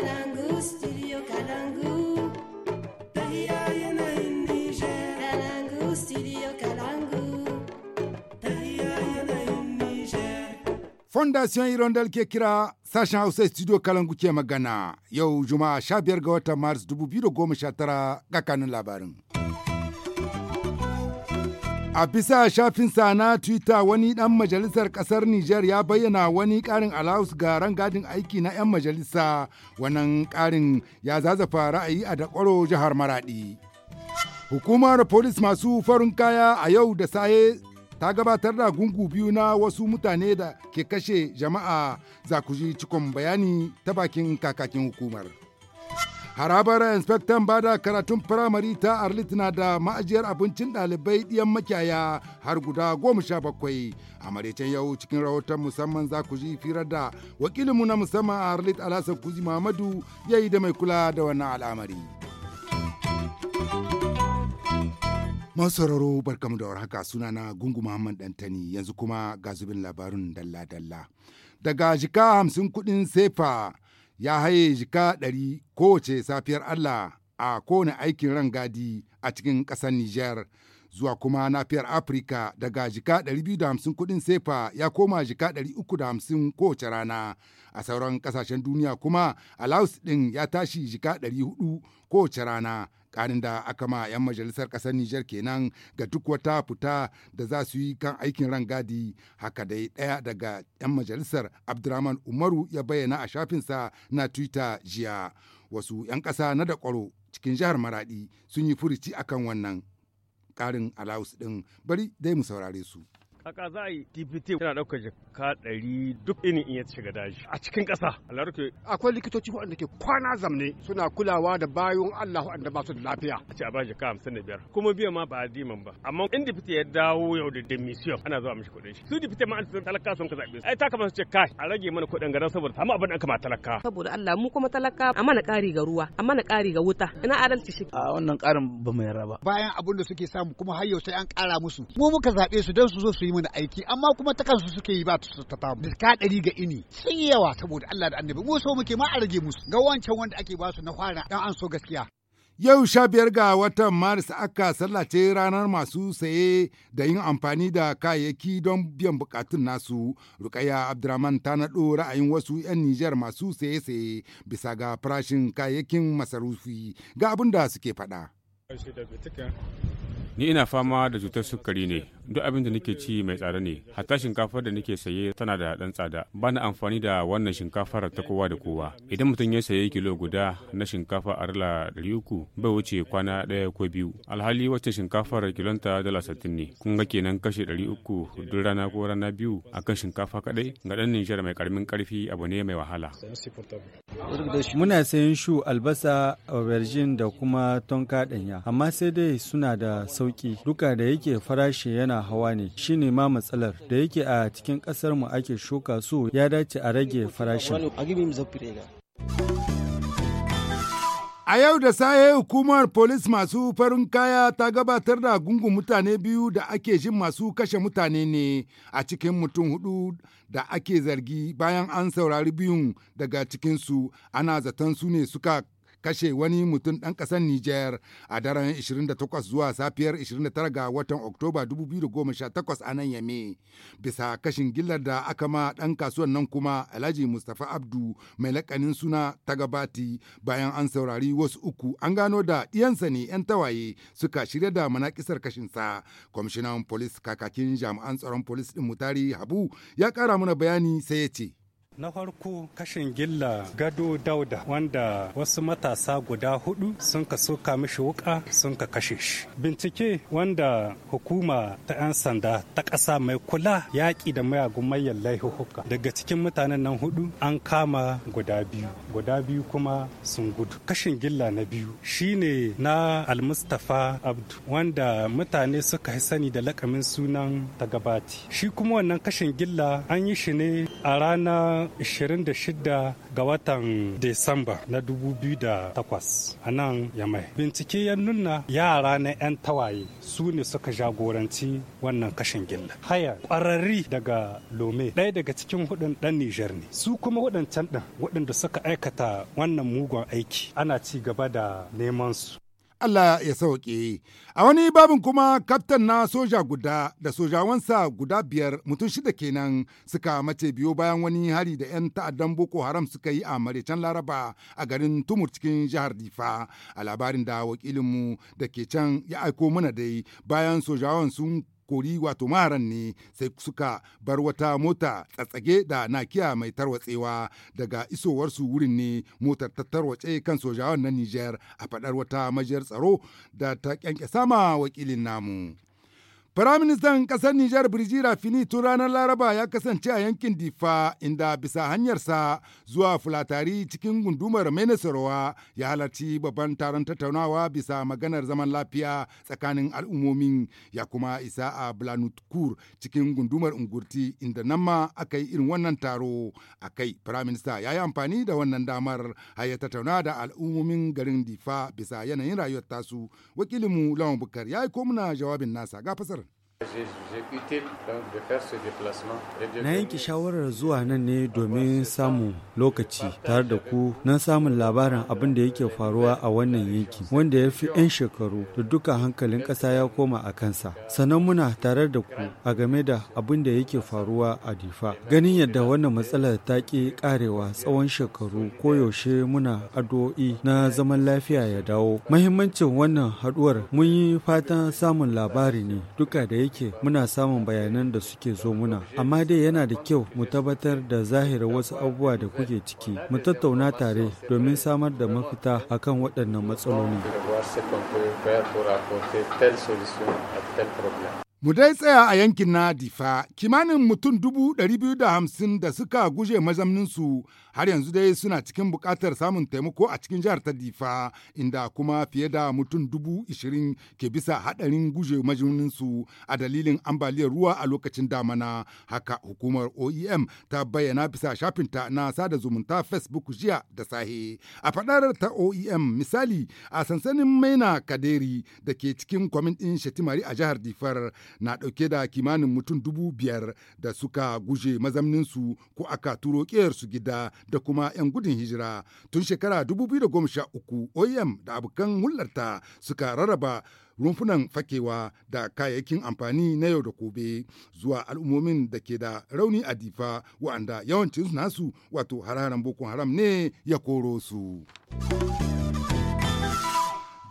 Kalangu, studio Kalangu. Tahiya yanayin studio Kalangu. yanayin Fondation Hirondel ke kira sashen Hausa studio Kalangu ke magana yau Juma'a 15 ga watan Maris 2019 ga kanun labarin. A bisa shafinsa na Twitter wani ɗan majalisar ƙasar Nijar ya bayyana wani ƙarin alawus ga rangadin aiki na 'yan majalisa wannan ƙarin ya zazafa ra'ayi a dakwaro jihar Maraɗi. Hukumar polis masu farin kaya a yau da saye ta gabatar da gungu biyu na wasu mutane da ke kashe jama'a za ku cikon bayani ta bakin kakakin hukumar. harabar inspektan bada karatun firamare ta arlit na da ma'ajiyar abincin ɗalibai ɗiyan makiyaya har guda goma sha bakwai a maraicen yau cikin rahoton musamman za ku ji firar da wakilinmu na musamman a arlit alhassan kuzi muhammadu ya yi da mai kula da wannan al'amari masu sauraro barkamu da warhaka sunana gungu muhammad dantani yanzu kuma ga zubin labarin dalla-dalla daga jika hamsin kuɗin sefa ya haye jika ɗari kowace safiyar Allah a kowane aikin ran gadi a cikin ƙasar Nijar. Zuwa kuma nafiyar Afirka daga jika 250 kuɗin sefa ya koma jika 350 kowace rana. A sauran ƙasashen duniya kuma alaus ɗin ya tashi jika 400 kowace rana. karin da aka ma 'yan majalisar ƙasar Nijar kenan ga duk wata fita da za su yi kan aikin rangadi haka dai ɗaya daga 'yan majalisar Abdurrahman Umaru ya bayyana a shafinsa na Twitter jiya. Wasu 'yan ƙasa na da ƙwaro cikin jihar Maraɗi sun yi furuci akan wannan ƙarin alawus ɗin bari dai mu saurare su. kaka za a yi dpt yana ɗaukar jaka ɗari duk ini in ya shiga daji a cikin ƙasa alarke akwai likitoci waɗanda ke kwana zamne suna kulawa da bayon allah waɗanda ba su da lafiya a ce a ba jaka hamsin da biyar kuma biyan ma ba a diman ba amma in dpt ya dawo yau da demission ana zuwa mishi kuɗin shi su dpt ma an san talaka sun ka zaɓe ai ta kamata ce kai a rage mana kuɗin garan saboda amma abin da aka ma talaka saboda allah mu kuma talaka a mana ƙari ga ruwa a mana ƙari ga wuta ina adalci shi a wannan ƙarin ba mu yarda ba bayan abin da suke samu kuma har yau sai an ƙara musu mu muka zaɓe su don su zo su yi yi mana aiki amma kuma ta kansu suke yi ba ta ta mu ka dari ga ini sun yi yawa saboda Allah da annabi mu so muke ma a rage musu ga wancan wanda ake ba su na fara dan an so gaskiya Yau sha biyar ga watan Maris aka sallace ranar masu saye da yin amfani da kayayyaki don biyan bukatun nasu. Rukaya Abdurrahman ta naɗo ra'ayin wasu 'yan Nijar masu saye-saye bisa ga farashin kayayyakin masarufi ga abin da suke faɗa. Ni ina fama da cutar sukari ne duk abin da nake ci mai tsada ne hatta shinkafar da nake saye tana da ɗan tsada ba na amfani da wannan shinkafar ta kowa da kowa idan mutum ya saye kilo guda na shinkafa a rila dari uku bai wuce kwana ɗaya ko biyu alhali wacce shinkafar kilonta dala sittin ne kun ga kenan kashe ɗari uku duk rana ko rana biyu akan shinkafa kaɗai ga ɗan nijar mai karamin ƙarfi abu ne mai wahala muna sayan shu albasa aubergine da kuma tonka ɗanya amma sai dai suna da sauki duka da yake farashi yana hawa ne shine ma matsalar da yake a cikin kasar mu ake shuka su ya dace a rage farashin A yau da saye hukumar polis masu farin kaya ta gabatar da gungun mutane biyu da ake jin masu kashe mutane ne a cikin mutum hudu da ake zargi bayan an saurari biyun daga cikinsu ana zaton su ne suka kashe wani mutum ɗan ƙasar Nijar a daren 28 zuwa safiyar 29 ga watan Oktoba 2018 a nan Yame. Bisa kashin gillar da aka ma ɗan kasuwan nan kuma Alhaji Mustapha Abdu mai lakanin suna Tagabati bayan an saurari wasu uku an gano da iyansa ne 'yan tawaye suka shirya da manakisar kashinsa. Kwamishinan Polis kakakin jami'an tsaron Polis ɗin Mutari Habu ya ƙara mana bayani sai ya ce. na farko kashin gilla gado dauda wanda wasu matasa guda hudu sun ka soka mishi wuka sun ka kashe shi bincike wanda hukuma ta 'yan sanda ta ƙasa mai kula yaƙi da mayagun mayan laihuhuka daga cikin mutanen nan hudu an kama guda biyu guda biyu kuma sun gudu kashin gilla na biyu shine na almustafa abdu wanda mutane suka yi sani da lakamin sunan ta gabati shi kuma wannan kashin gilla an yi shi ne a ranar 26 ga watan Desamba na 2008 a nan Yamai. Bincike ya nuna yara na 'yan tawaye su ne suka jagoranci wannan kashin gilla. Haya ƙwararri daga Lome ɗaya daga cikin hudun ɗan Nijar ne. Su kuma waɗancan ɗin waɗanda suka aikata wannan mugun aiki ana ci gaba da neman su Allah ya sauke. A wani babin kuma kaftan na soja guda da sojawansa guda biyar mutum shida kenan suka mace biyo bayan wani hari da 'yan ta'addan Boko Haram suka yi a Maraicen Laraba a garin Tumur cikin jihar Difa. A labarin da wakilinmu da ke can ya aiko mana dai bayan sojawan sun kori wato maran ne sai suka bar wata mota tsatsage da nakiya mai tarwatsewa daga isowarsu wurin ne motar ta tarwace kan sojawan na Nijar a faɗar wata majiyar tsaro da ta kyanke sama wakilin namu. Firaministan ƙasar Nijar Birjira Fini tun ranar Laraba ya kasance a yankin Difa inda bisa hanyarsa zuwa Fulatari cikin gundumar Menesorowa ya halarci babban taron tattaunawa bisa maganar zaman lafiya tsakanin al'ummomin ya kuma isa a Blanukur cikin gundumar Ungurti inda nan ma aka yi irin wannan taro a kai. Firaminista ya yi amfani da wannan damar har ya tattauna da al'ummomin garin Difa bisa yanayin rayuwar tasu. Wakilinmu Lawan Bukar ya yi komuna jawabin nasa ga fasar. Na yanke shawarar zuwa nan ne domin samun lokaci tare da ku na samun labarin abin da yake faruwa a wannan yanki wanda ya fi 'yan shekaru da duka hankalin ƙasa ya koma a kansa. Sannan muna tare da ku a game da abin da yake faruwa a Difa. Ganin yadda wannan matsalar ta ƙi ƙarewa tsawon shekaru koyaushe muna addu'o'i na zaman lafiya ya dawo. Mahimmancin wannan haɗuwar mun yi fatan samun labari ne duka da yake yake muna samun bayanan da suke zo muna amma dai yana da kyau mu tabbatar da zahirin wasu abubuwa da kuke ciki mu tattauna tare domin samar da mafita akan waɗannan matsaloli. Mu dai tsaya a yankin na Difa, kimanin mutum dubu ɗari biyu da hamsin da suka guje mazamninsu har yanzu dai suna cikin buƙatar samun taimako a cikin jihar ta Difa, inda kuma fiye da mutum dubu ishirin ke bisa haɗarin guje mazamninsu a dalilin ambaliyar ruwa a lokacin damana. Haka hukumar OEM ta bayyana bisa shafinta na sada zumunta Facebook jiya da sahe. A faɗar ta OEM misali a sansanin Maina Kaderi da ke cikin kwamitin a jihar Difar. na ɗauke da kimanin mutum dubu biyar da suka guje mazamninsu ko aka turo su gida da kuma 'yan gudun hijira. Tun shekara 2013 biyu da e abokan hullarta suka rarraba rumfunan fakewa da kayayyakin amfani na yau da gobe zuwa al'ummomin da ke da rauni a difa wa'anda yawancin nasu wato hararen boko haram ne ya koro su.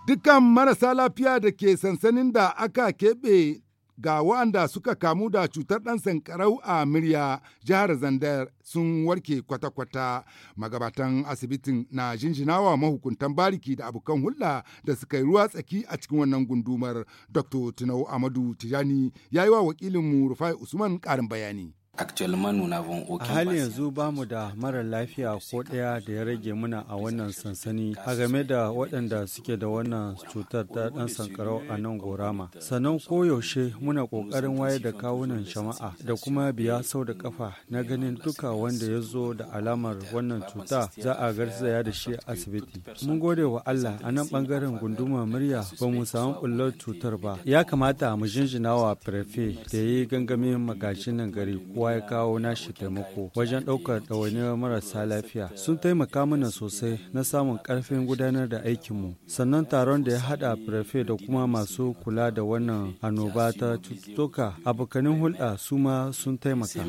Dukkan marasa lafiya da ke sansanin da aka keɓe ga waɗanda suka kamu da cutar ɗan sankarau a murya jihar Zandar sun warke kwata-kwata. Magabatan asibitin na jinjinawa mahukuntan bariki da abokan hulɗa da suka yi ruwa tsaki a cikin wannan gundumar. Dr. Tinau Amadu Tijani ya yi wa wakilinmu Rufai Usman ƙarin bayani. A hali yanzu ba mu da mara lafiya ko ɗaya da ya rage muna a wannan sansani a game da waɗanda suke da wannan cutar ta ɗan sankarau a nan gorama. Sannan koyaushe muna ƙoƙarin wayar da kawunan shama'a da kuma biya sau da kafa na ganin duka wanda ya zo da alamar wannan cuta za a garzaya da shi asibiti. Mun gode wa Allah a nan ɓangaren gunduma murya ba mu samu ɓullar cutar ba. Ya kamata mu jinjina wa prefe da ya yi gangamin magashin nan gari kowa kowa ya kawo nashi taimako wajen ɗaukar ɗawainiyar marasa lafiya sun taimaka mana sosai na samun ƙarfin gudanar da aikinmu sannan taron da ya haɗa prefe da kuma masu kula da wannan annoba ta cututtuka abokanin hulɗa su ma sun taimaka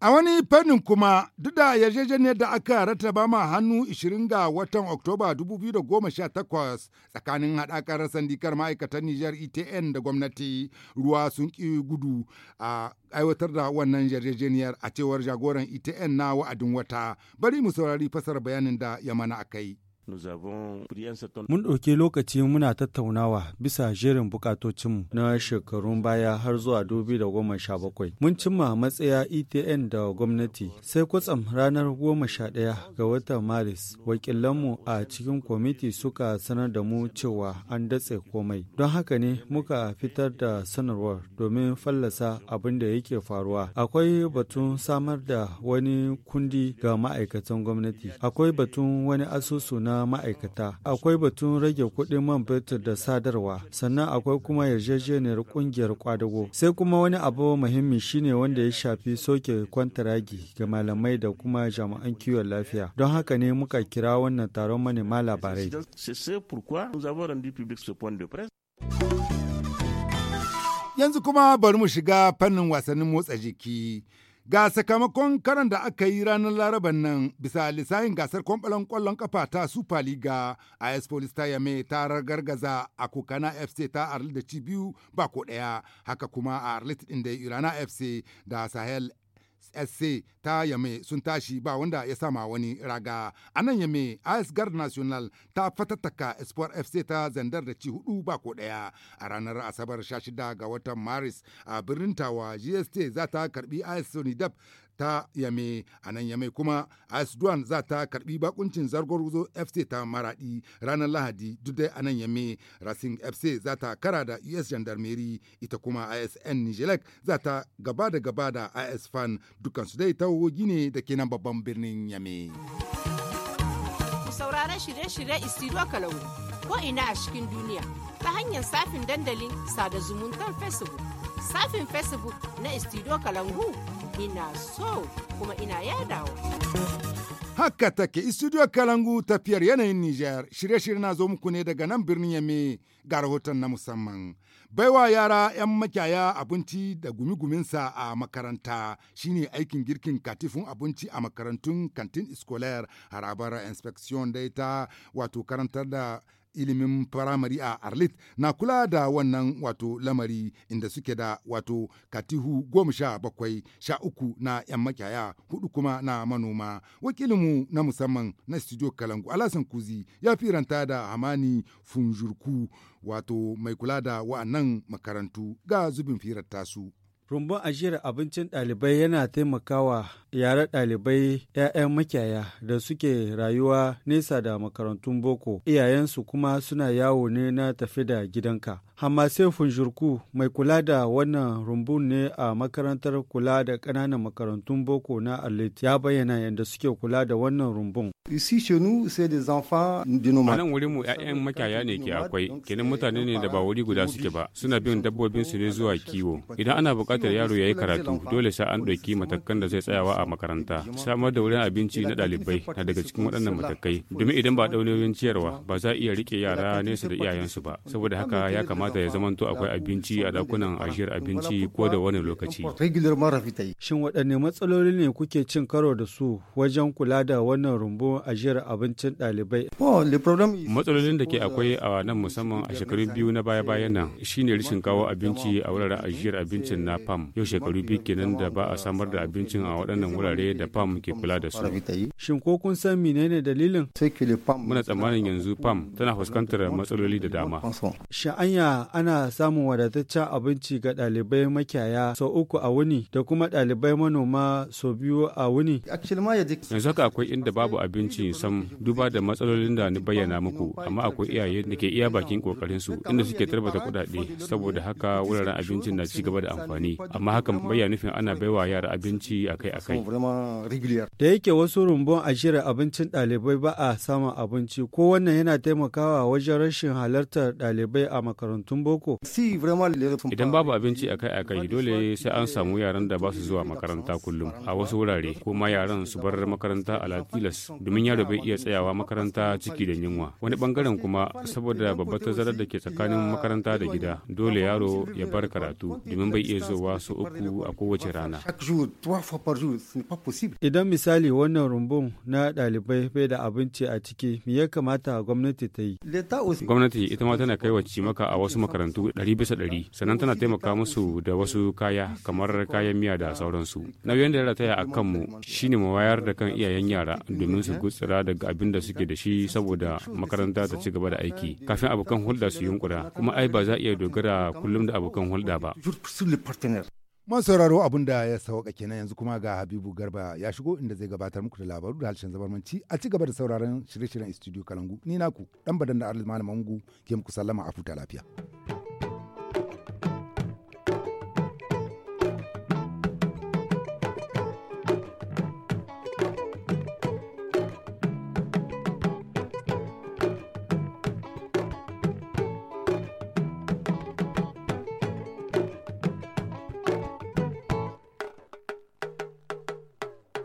A wani fannin kuma duk da yarjejeniyar da aka rattaba ma hannu 20 ga watan Oktoba 2018 tsakanin haɗakar sandikar ma'aikatan Nijar ETN da gwamnati ruwa sun ki gudu a aiwatar da wannan yarjejeniyar a cewar jagoran ETN na wa'adin wata. Bari mu saurari fasar bayanin da ya mana akai. Mun ɗauki lokaci muna tattaunawa bisa jerin bukatocinmu na shekarun baya har zuwa bakwai. Mun cimma matsaya ETN da gwamnati sai kwatsam ranar goma sha ɗaya ga watan Maris wakilanmu a cikin kwamiti suka sanar da mu cewa an datse komai. Don haka ne muka fitar da sanarwar domin fallasa abin da yake faruwa. Akwai batun samar da wani kundi ga ma'aikatan gwamnati. Akwai batun wani asusu na ma'aikata akwai batun rage kuɗin man fetur da sadarwa sannan akwai kuma yarjejeniyar ƙungiyar kwadago sai kuma wani abu muhimmi shine wanda ya shafi soke kwantaragi ga malamai da kuma jami'an kiwon lafiya don haka ne muka kira wannan taron manema labarai yanzu kuma bari mu shiga fannin wasannin motsa jiki Ga sakamakon karan da aka yi ranar laraban nan bisa lisayin gasar kwamfalon kwallon kafa ta Super Liga, IS Police ta yame ta gargaza a Kokana FC ta Arlit da Cibiyu ba ko daya haka kuma a Arlit ɗin da Irana FC da Sahel sc ta yame sun tashi ba wanda ya sama wani raga a nan yame as guard national ta fatattaka sport fc ta zandar da ci hudu ba ko daya a ranar asabar 16 ga watan maris a birnin tawa gst za ta karbi as sonidab ta yame a nan yame kuma asduan za ta karbi bakuncin ruzo fc ta maradi ranar lahadi duk dai a nan yame racing fc za ta kara da us gendarmerie ita kuma isn nigelec za ta gaba da gaba da is fan dukansu dai ta wogi ne da ke nan babban birnin yame sauraron shirye-shirye istiro kalau ko ina a cikin duniya ta hanyar safin dandalin sada zumuntar facebook safin facebook na istiro kalangu ina so kuma ina yadawa. Haka take studio Kalangu tafiyar yanayin Nijar shirye-shirye na zo muku ne daga nan birnin Yame ga rahoton na musamman. Baiwa yara 'yan makyaya abinci da gumi-guminsa a makaranta shine aikin girkin katifin abinci a makarantun kantin iskolar harabar inspection Data wato karantar da ilimin firamare a Arlit na kula da wannan wato lamari inda suke da wato katihu goma sha bakwai sha uku na 'yan makyaya hudu kuma na manoma. Wakilinmu na musamman na studio Kalangu Alasan Kuzi ya firanta da Hamani Funjurku wato mai kula da wa'annan makarantu ga zubin firar tasu. Rumbun ajiyar abincin ɗalibai yana taimakawa yare ɗalibai 'ya'yan makiyaya da suke rayuwa nesa da makarantun boko iyayensu kuma suna yawo ne na tafi da gidanka hamase funjurku mai kula da wannan rumbun ne a makarantar kula da ƙananan makarantun boko na alit ya bayyana yadda suke kula da wannan rumbun Ici chez nous, c'est des enfants Anan wuri mu ƴaƴan makiyaya ne ke akwai, kenan mutane ne da ba wuri guda suke ba, suna bin dabbobin su ne zuwa kiwo. Idan ana buƙatar yaro yayi karatu, dole sai an ɗauki matakan da zai tsayawa a makaranta samar da wurin abinci na dalibai na daga cikin waɗannan matakai domin idan ba ɗaunoyin ciyarwa ba za a iya riƙe yara nesa da iyayensu ba saboda haka ya kamata ya zamanto akwai abinci a dakunan ajiyar abinci ko da wani lokaci shin waɗanne matsaloli ne kuke cin karo da su wajen kula da wannan rumbu ajiyar abincin ɗalibai matsalolin da ke akwai a nan musamman a shekaru biyu na baya-bayan nan shine rashin kawo abinci a wuraren ajiyar abincin na pam yau shekaru biyu kenan da ba a samar da abincin a waɗannan waɗannan wurare da PAM ke kula da su. Shin ko kun san menene dalilin? Muna tsammanin yanzu PAM tana fuskantar matsaloli da dama. Sha'anya ana samun wadataccen abinci ga ɗalibai makiyaya sau uku a wuni da kuma ɗalibai manoma sau biyu a wuni. Yanzu haka akwai inda babu abinci sam duba da matsalolin da ni bayyana muku amma akwai iyaye da ke iya bakin kokarin su inda suke tarbata kuɗaɗe saboda haka wuraren abincin na ci gaba da amfani amma hakan bayyana nufin ana baiwa yara abinci akai-akai. Da yake wasu rumbun a shirin abincin ɗalibai ba a samun abinci ko wannan yana taimakawa wajen rashin halartar ɗalibai a makarantun boko. Idan babu abinci akai-akai dole sai an samu yaran da ba su zuwa makaranta kullum a wasu wurare ko ma yaran su bar makaranta a latilas domin yaro bai iya tsayawa makaranta ciki da yunwa. Wani bangaren kuma saboda babbar tazarar da ke tsakanin makaranta da gida dole yaro ya bar karatu domin bai iya zuwa su uku a kowace rana. Idan misali wannan rumbun na ɗalibai bai da abinci a ciki, me ya kamata gwamnati ta yi? Gwamnati ita ma tana kai wa cimaka a wasu makarantu ɗari bisa ɗari, sannan tana taimaka musu da wasu kaya kamar kayan miya da sauransu. Nauyin da ya rataya a kanmu shine mu wayar da kan iyayen yara domin su gutsira daga abin da suke da shi saboda makaranta ta ci gaba da aiki. Kafin abokan hulɗa su yunkura, kuma ai ba za a iya dogara kullum da abokan hulɗa ba. Man sauraro abin da ya sauka kenan yanzu kuma ga Habibu Garba ya shigo inda zai gabatar muku da labaru da harshen zabarmanci a ci gaba da sauraron shirye-shiryen studio Kalangu. Ni naku dan badan da Arlis Malam Mangu ke muku sallama a futa lafiya.